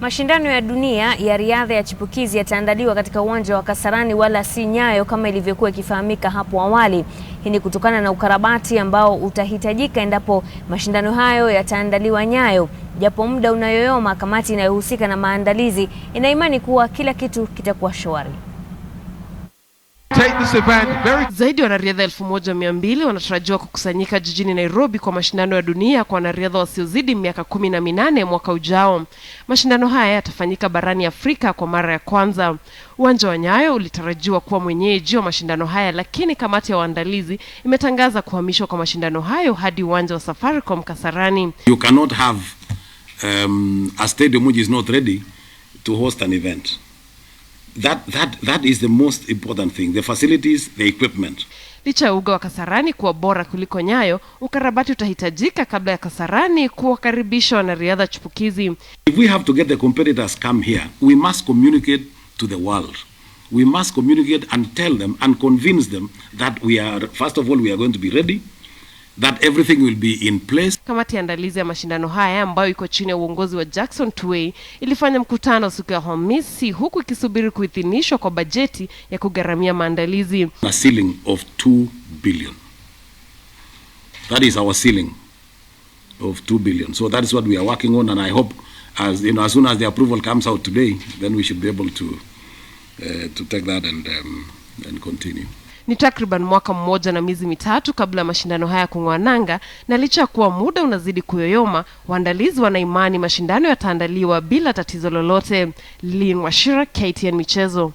Mashindano ya dunia ya riadha ya chipukizi yataandaliwa katika uwanja wa Kasarani wala si Nyayo kama ilivyokuwa ikifahamika hapo awali. Hii ni kutokana na ukarabati ambao utahitajika endapo mashindano hayo yataandaliwa Nyayo. Japo muda unayoyoma, kamati inayohusika na maandalizi ina imani kuwa kila kitu kitakuwa shwari very... Zaidi wanariadha elfu moja mia mbili wanatarajiwa kukusanyika jijini Nairobi kwa mashindano ya dunia kwa wanariadha wasiozidi miaka kumi na minane mwaka ujao. Mashindano haya yatafanyika barani Afrika kwa mara ya kwanza. Uwanja wa Nyayo ulitarajiwa kuwa mwenyeji wa mashindano haya, lakini kamati ya waandalizi imetangaza kuhamishwa kwa mashindano hayo hadi uwanja wa Safaricom Kasarani. You cannot have um, a stadium which is not ready to host an event that, that, that is the most important thing, the facilities, the equipment. Licha ya uga wa Kasarani kuwa bora kuliko Nyayo, ukarabati utahitajika kabla ya Kasarani kuwakaribisha wanariadha chupukizi. If we have to get the competitors come here, we must communicate to the world. We must communicate and tell them and convince them that we are, first of all, we are going to be ready that everything will be in place. Kamati ya andalizi ya mashindano haya ambayo iko chini ya uongozi wa Jackson Tuwei ilifanya mkutano siku ya Alhamisi huku ikisubiri kuidhinishwa kwa bajeti ya kugharamia maandalizi. A ceiling of 2 billion. That is our ceiling of 2 billion. So that is what we are working on and I hope as you know as soon as the approval comes out today then we should be able to uh, to take that and um, and continue. Ni takriban mwaka mmoja na miezi mitatu kabla ya mashindano haya kung'oa nanga, na licha ya kuwa muda unazidi kuyoyoma, waandalizi wana imani mashindano yataandaliwa bila tatizo lolote. lin Washira, KTN Michezo.